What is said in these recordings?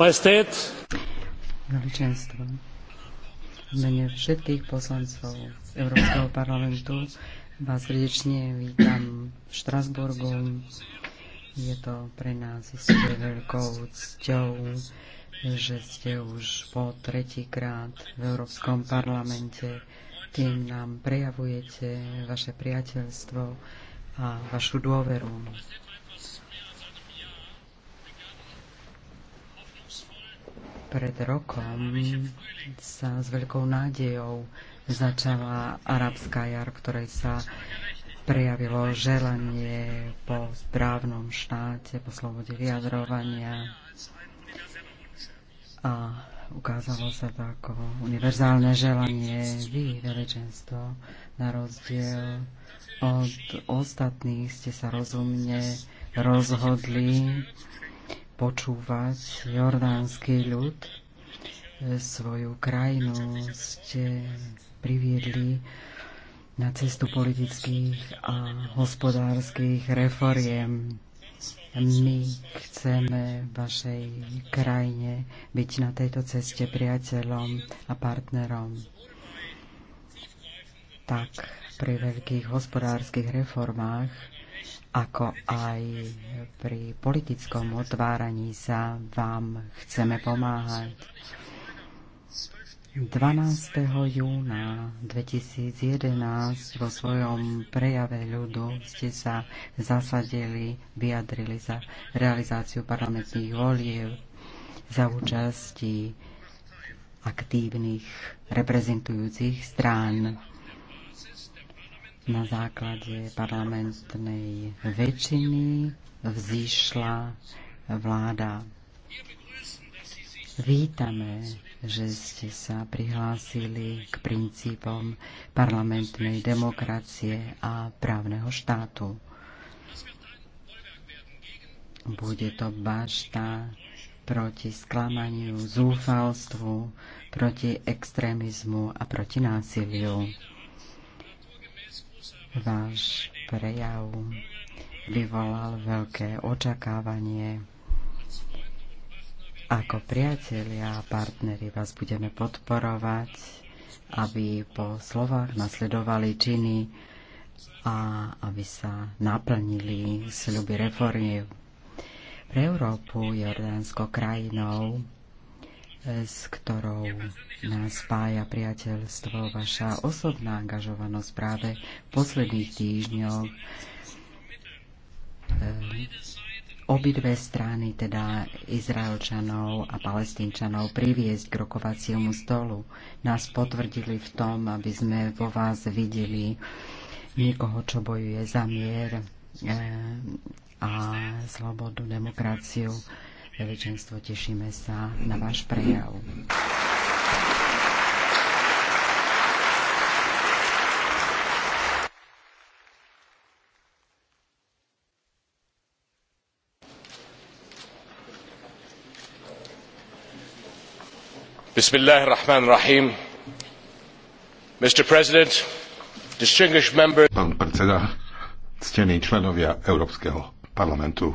Majestét. Veličenstvo. V mene všetkých poslancov Európskeho parlamentu vás srdečne vítam v Štrasburgu. Je to pre nás isté veľkou cťou, že ste už po tretíkrát v Európskom parlamente. Tým nám prejavujete vaše priateľstvo a vašu dôveru. Pred rokom sa s veľkou nádejou začala arabská jar, v ktorej sa prejavilo želanie po správnom štáte, po slobode vyjadrovania a ukázalo sa to ako univerzálne želanie vy, veličenstvo, na rozdiel od ostatných ste sa rozumne rozhodli počúvať jordánsky ľud, svoju krajinu ste priviedli na cestu politických a hospodárskych reforiem. My chceme vašej krajine byť na tejto ceste priateľom a partnerom. Tak pri veľkých hospodárskych reformách ako aj pri politickom otváraní sa vám chceme pomáhať. 12. júna 2011 vo svojom prejave ľudu ste sa zasadili, vyjadrili za realizáciu parlamentných volieb za účasti aktívnych reprezentujúcich strán na základe parlamentnej väčšiny vzýšla vláda. Vítame, že ste sa prihlásili k princípom parlamentnej demokracie a právneho štátu. Bude to bašta proti sklamaniu, zúfalstvu, proti extrémizmu a proti násiliu. Váš prejav vyvolal veľké očakávanie. Ako priatelia a partneri vás budeme podporovať, aby po slovách nasledovali činy a aby sa naplnili sľuby reformy Pre Európu Jordánsko krajinou, s ktorou nás spája priateľstvo, vaša osobná angažovanosť práve v posledných týždňoch. Ehm, obidve strany, teda Izraelčanov a Palestínčanov, priviesť k rokovaciemu stolu, nás potvrdili v tom, aby sme vo vás videli niekoho, čo bojuje za mier ehm, a slobodu, demokraciu. Veličenstvo, tešíme sa na váš prejav. بسم الله الرحمن الرحيم Mr. President, distinguished members... Pán predseda, ctení členovia Európskeho parlamentu,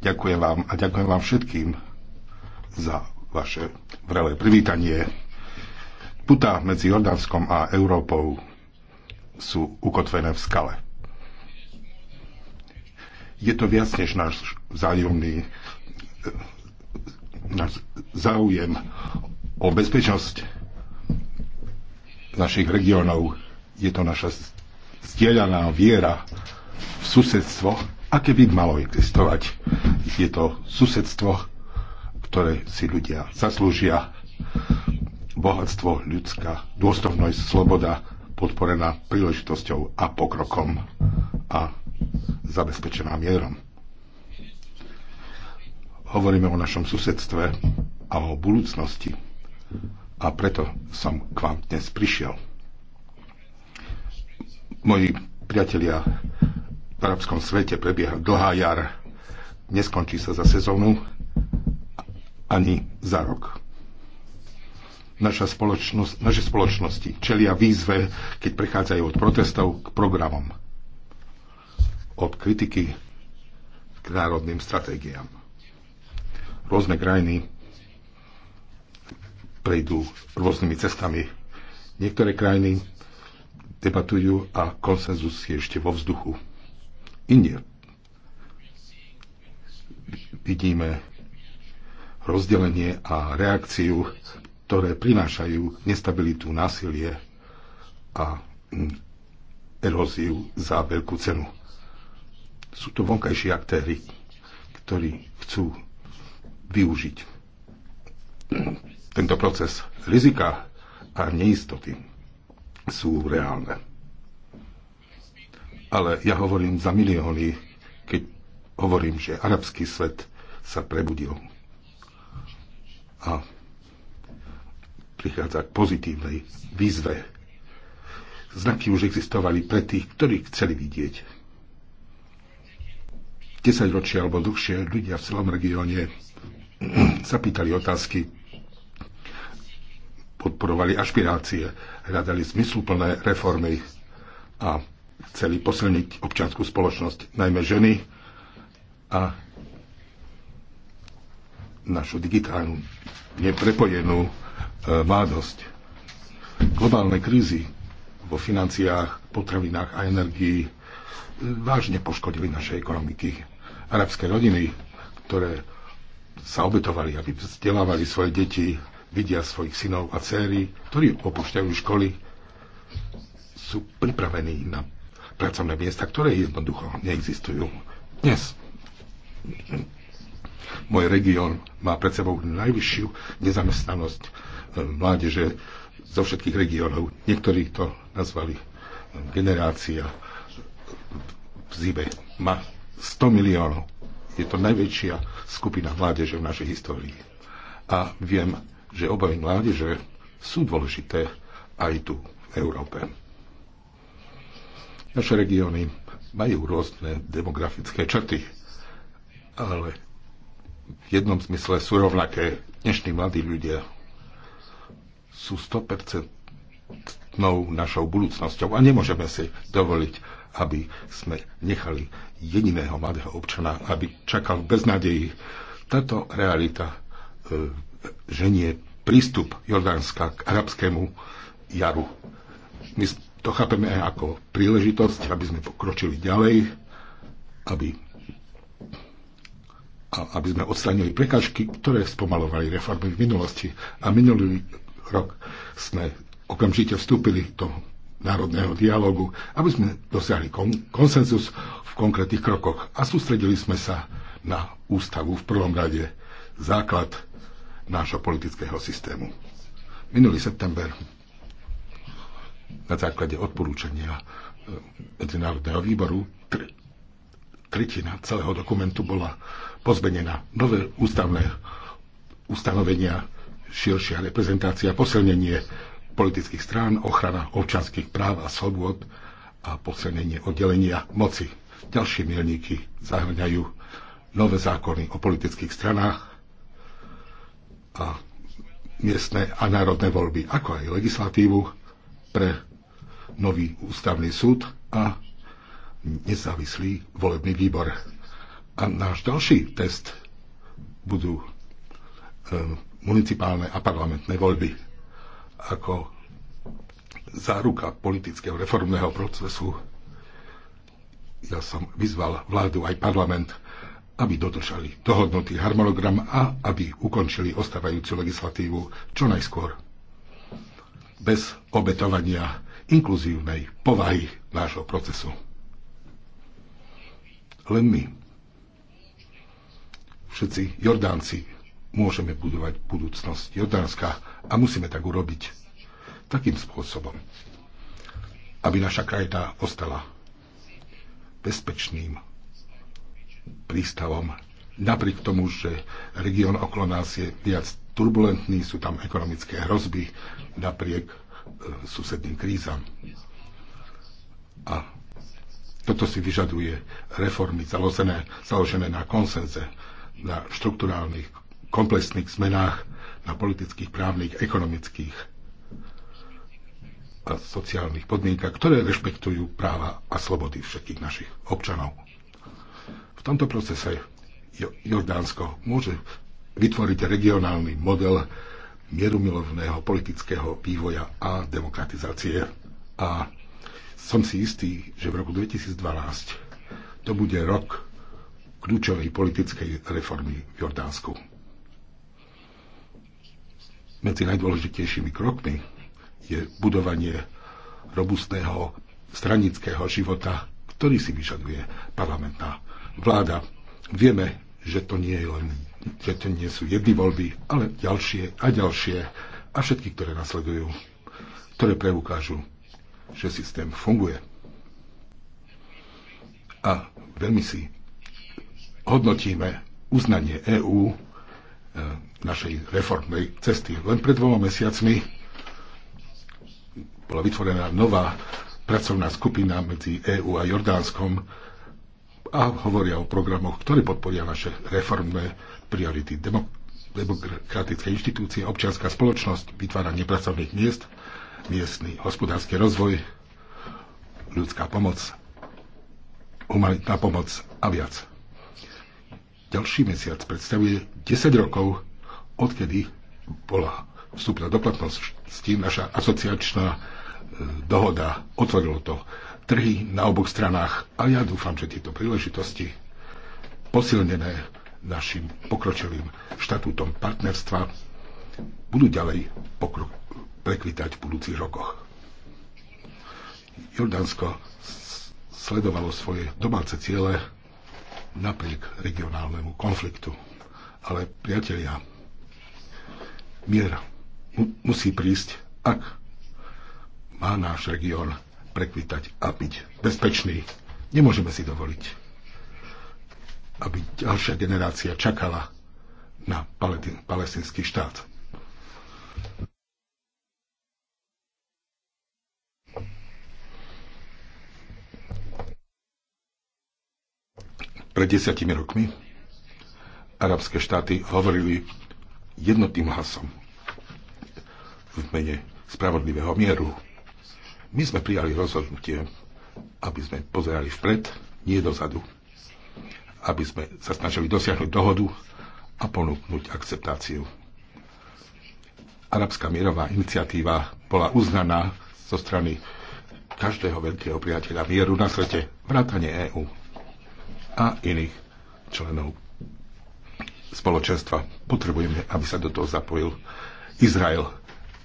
Ďakujem vám a ďakujem vám všetkým za vaše vrelé privítanie. Puta medzi Jordánskom a Európou sú ukotvené v skale. Je to viac než náš vzájomný eh, náš záujem o bezpečnosť našich regiónov. Je to naša zdieľaná viera v susedstvo, aké by malo existovať je to susedstvo, ktoré si ľudia zaslúžia. Bohatstvo, ľudská dôstojnosť, sloboda, podporená príležitosťou a pokrokom a zabezpečená mierom. Hovoríme o našom susedstve a o budúcnosti. A preto som k vám dnes prišiel. Moji priatelia, v arabskom svete prebieha dlhá jar neskončí sa za sezónu ani za rok. Naša spoločnosť, naše spoločnosti čelia výzve, keď prechádzajú od protestov k programom, od kritiky k národným stratégiám. Rôzne krajiny prejdú rôznymi cestami. Niektoré krajiny debatujú a konsenzus je ešte vo vzduchu. Indie vidíme rozdelenie a reakciu, ktoré prinášajú nestabilitu, násilie a eróziu za veľkú cenu. Sú to vonkajší aktéry, ktorí chcú využiť tento proces. Rizika a neistoty sú reálne. Ale ja hovorím za milióny hovorím, že arabský svet sa prebudil a prichádza k pozitívnej výzve. Znaky už existovali pre tých, ktorí chceli vidieť. 10 ročia alebo dlhšie ľudia v celom regióne sa pýtali otázky, podporovali ašpirácie, hľadali zmysluplné reformy a chceli posilniť občianskú spoločnosť, najmä ženy, a našu digitálnu neprepojenú vádosť e, Globálne krízy vo financiách, potravinách a energii e, vážne poškodili naše ekonomiky. Arabské rodiny, ktoré sa obetovali, aby vzdelávali svoje deti, vidia svojich synov a céry, ktorí opúšťajú školy, sú pripravení na pracovné miesta, ktoré jednoducho neexistujú. Dnes môj región má pred sebou najvyššiu nezamestnanosť eh, mládeže zo všetkých regiónov. Niektorí to nazvali eh, generácia eh, v zime. Má 100 miliónov. Je to najväčšia skupina mládeže v našej histórii. A viem, že obavy mládeže sú dôležité aj tu v Európe. Naše regióny majú rôzne demografické črty ale v jednom zmysle sú rovnaké. Dnešní mladí ľudia sú 100% našou budúcnosťou a nemôžeme si dovoliť, aby sme nechali jediného mladého občana, aby čakal v beznadeji. Táto realita e, ženie prístup Jordánska k arabskému jaru. My to chápeme aj ako príležitosť, aby sme pokročili ďalej, aby aby sme odstránili prekážky, ktoré spomalovali reformy v minulosti. A minulý rok sme okamžite vstúpili do národného dialogu, aby sme dosiahli kon- konsenzus v konkrétnych krokoch a sústredili sme sa na ústavu v prvom rade, základ nášho politického systému. Minulý september na základe odporúčania e, Medzinárodného výboru tretina celého dokumentu bola pozmenená. Nové ústavné ustanovenia, širšia reprezentácia, posilnenie politických strán, ochrana občanských práv a slobôd a posilnenie oddelenia moci. Ďalšie milníky zahrňajú nové zákony o politických stranách a miestne a národné voľby, ako aj legislatívu pre nový ústavný súd a nezávislý volebný výbor. A náš ďalší test budú e, municipálne a parlamentné voľby ako záruka politického reformného procesu. Ja som vyzval vládu aj parlament, aby dodržali dohodnutý harmonogram a aby ukončili ostávajúcu legislatívu čo najskôr. Bez obetovania inkluzívnej povahy nášho procesu. Len my, všetci Jordánci, môžeme budovať budúcnosť Jordánska a musíme tak urobiť takým spôsobom, aby naša krajina ostala bezpečným prístavom, napriek tomu, že región okolo nás je viac turbulentný, sú tam ekonomické hrozby, napriek e, susedným krízam. A toto si vyžaduje reformy založené, založené na konsenze, na štruktúrálnych, komplexných zmenách, na politických, právnych, ekonomických a sociálnych podmienkach, ktoré rešpektujú práva a slobody všetkých našich občanov. V tomto procese Jordánsko môže vytvoriť regionálny model mierumilovného politického vývoja a demokratizácie. A som si istý, že v roku 2012 to bude rok kľúčovej politickej reformy v Jordánsku. Medzi najdôležitejšími krokmi je budovanie robustného stranického života, ktorý si vyžaduje parlamentná vláda. Vieme, že to nie je len že to nie sú jedny voľby, ale ďalšie a ďalšie a všetky, ktoré nasledujú, ktoré preukážu, že systém funguje. A veľmi si hodnotíme uznanie EÚ e, našej reformnej cesty. Len pred dvoma mesiacmi bola vytvorená nová pracovná skupina medzi EÚ a Jordánskom a hovoria o programoch, ktoré podporia naše reformné priority. demokratické inštitúcie, občianská spoločnosť, vytváranie pracovných miest miestny hospodársky rozvoj, ľudská pomoc, humanitná pomoc a viac. Ďalší mesiac predstavuje 10 rokov, odkedy bola doplatnosť do platnosti naša asociačná e, dohoda. Otvorilo to trhy na oboch stranách a ja dúfam, že tieto príležitosti posilnené našim pokročilým štatútom partnerstva budú ďalej pokrok, prekvitať v budúcich rokoch. Jordánsko sledovalo svoje domáce ciele napriek regionálnemu konfliktu. Ale priatelia, mier mu- musí prísť, ak má náš región prekvitať a byť bezpečný. Nemôžeme si dovoliť, aby ďalšia generácia čakala na palestinský štát. Pred desiatimi rokmi arabské štáty hovorili jednotným hlasom v mene spravodlivého mieru. My sme prijali rozhodnutie, aby sme pozerali vpred, nie dozadu. Aby sme sa snažili dosiahnuť dohodu a ponúknuť akceptáciu. Arabská mierová iniciatíva bola uznaná zo strany každého veľkého priateľa mieru na svete, vrátane EÚ a iných členov spoločenstva. Potrebujeme, aby sa do toho zapojil Izrael.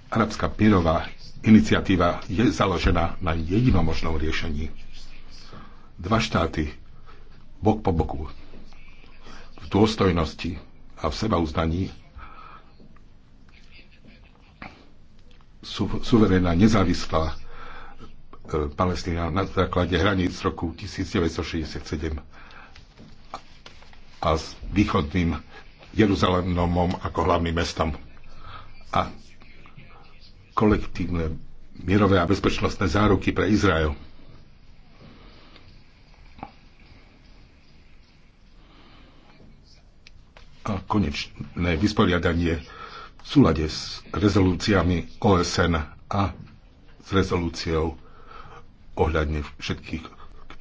Arabská pirová iniciatíva je založená na jedinom možnom riešení. Dva štáty, bok po boku, v dôstojnosti a v seba uznaní su- suverénna, nezávislá e, Palestína na základe hraníc roku 1967 a s východným Jeruzalémom ako hlavným mestom. A kolektívne mierové a bezpečnostné záruky pre Izrael. A konečné vysporiadanie v súlade s rezolúciami OSN a s rezolúciou ohľadne všetkých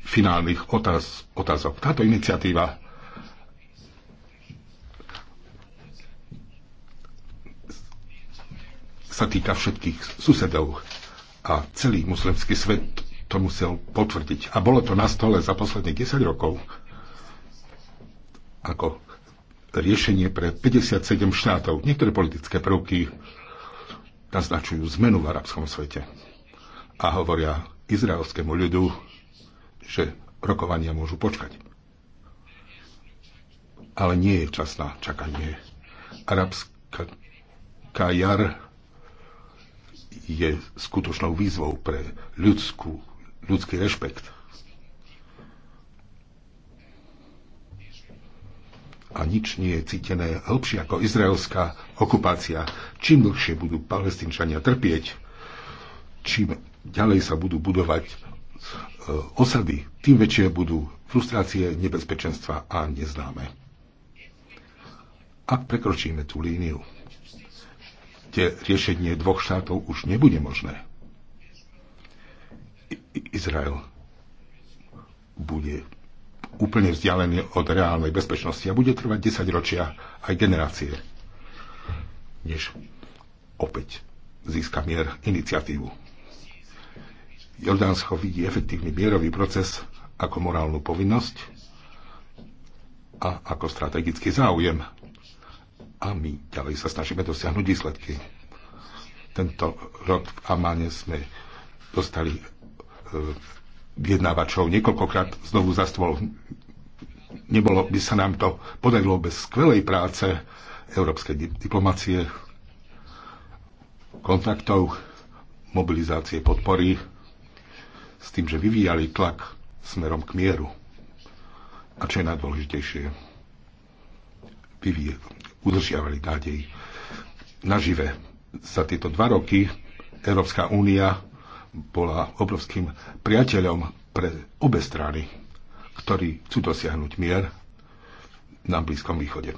finálnych otáz, otázok. Táto iniciatíva sa týka všetkých susedov. A celý muslimský svet to musel potvrdiť. A bolo to na stole za posledných 10 rokov ako riešenie pre 57 štátov. Niektoré politické prvky naznačujú zmenu v arabskom svete. A hovoria izraelskému ľudu, že rokovania môžu počkať. Ale nie je čas na čakanie. Arabská jar je skutočnou výzvou pre ľudskú, ľudský rešpekt. A nič nie je cítené hĺbšie ako izraelská okupácia. Čím dlhšie budú palestinčania trpieť, čím ďalej sa budú budovať eh, osady, tým väčšie budú frustrácie, nebezpečenstva a neznáme. Ak prekročíme tú líniu, kde riešenie dvoch štátov už nebude možné. Izrael bude úplne vzdialený od reálnej bezpečnosti a bude trvať 10 ročia aj generácie, než opäť získa mier iniciatívu. Jordánsko vidí efektívny mierový proces ako morálnu povinnosť a ako strategický záujem a my ďalej sa snažíme dosiahnuť výsledky. Tento rok v Amáne sme dostali e, vyjednávačov niekoľkokrát znovu za stôl. Nebolo by sa nám to podarilo bez skvelej práce európskej diplomacie, kontaktov, mobilizácie podpory, s tým, že vyvíjali tlak smerom k mieru. A čo je najdôležitejšie, vyvíj, udržiavali nádej. Nažive za tieto dva roky Európska únia bola obrovským priateľom pre obe strany, ktorí chcú dosiahnuť mier na Blízkom východe.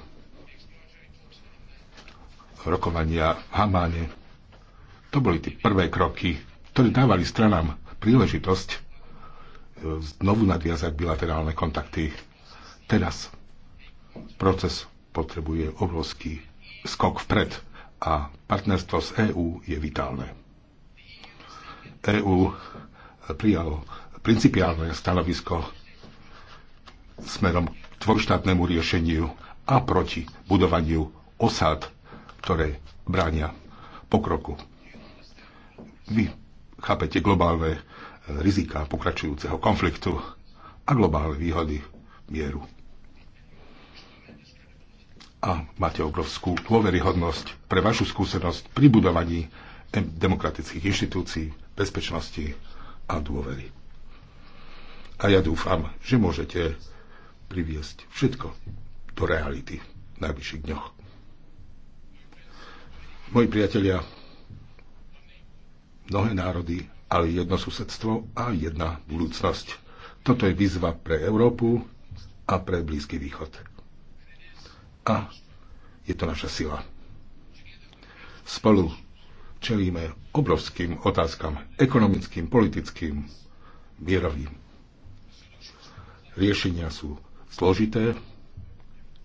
Rokovania v Hamáne, to boli tie prvé kroky, ktoré dávali stranám príležitosť e, znovu nadviazať bilaterálne kontakty. Teraz proces potrebuje obrovský skok vpred a partnerstvo s EÚ je vitálne. EÚ prijalo principiálne stanovisko smerom k dvojštátnemu riešeniu a proti budovaniu osad, ktoré bránia pokroku. Vy chápete globálne rizika pokračujúceho konfliktu a globálne výhody mieru a máte obrovskú dôveryhodnosť pre vašu skúsenosť pri budovaní demokratických inštitúcií, bezpečnosti a dôvery. A ja dúfam, že môžete priviesť všetko do reality v najbližších dňoch. Moji priatelia, mnohé národy, ale jedno susedstvo a jedna budúcnosť. Toto je výzva pre Európu a pre Blízky východ a je to naša sila. Spolu čelíme obrovským otázkam, ekonomickým, politickým, mierovým. Riešenia sú zložité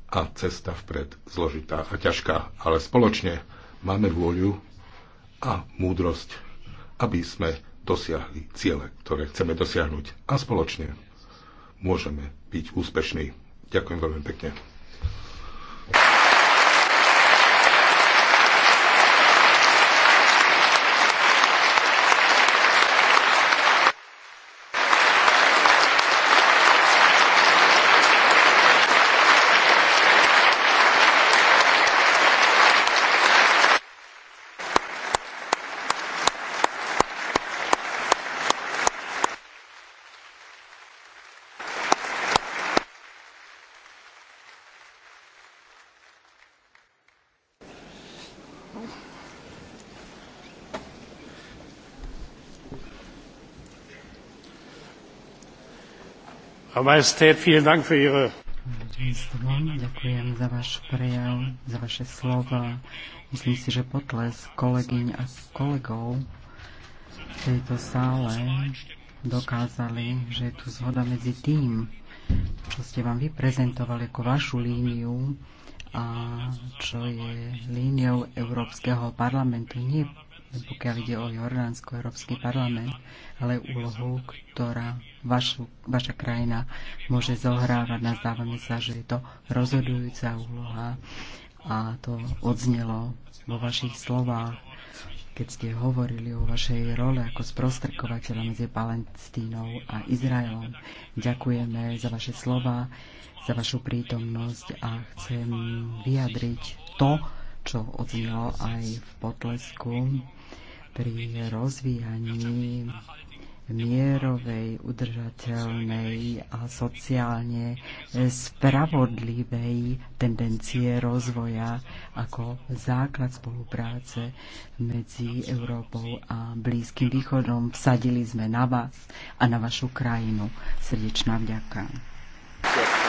a cesta vpred zložitá a ťažká, ale spoločne máme vôľu a múdrosť, aby sme dosiahli ciele, ktoré chceme dosiahnuť a spoločne môžeme byť úspešní. Ďakujem veľmi pekne. Ďakujem za váš prejav, za vaše slova. Myslím si, že potles kolegyň a kolegov v tejto sále dokázali, že je tu zhoda medzi tým, čo ste vám vyprezentovali ako vašu líniu a čo je líniou Európskeho parlamentu. Nie pokiaľ ide o Jordánsko, Európsky parlament, ale úlohu, ktorá vašu, vaša krajina môže zohrávať. Nazdávame sa, že je to rozhodujúca úloha a to odznelo vo vašich slovách, keď ste hovorili o vašej role ako sprostredkovateľa medzi Palestínou a Izraelom. Ďakujeme za vaše slova, za vašu prítomnosť a chcem vyjadriť to, čo odznelo aj v potlesku pri rozvíjaní mierovej, udržateľnej a sociálne spravodlivej tendencie rozvoja ako základ spolupráce medzi Európou a Blízkym východom. Vsadili sme na vás a na vašu krajinu. Srdečná vďaka. Ďakujem.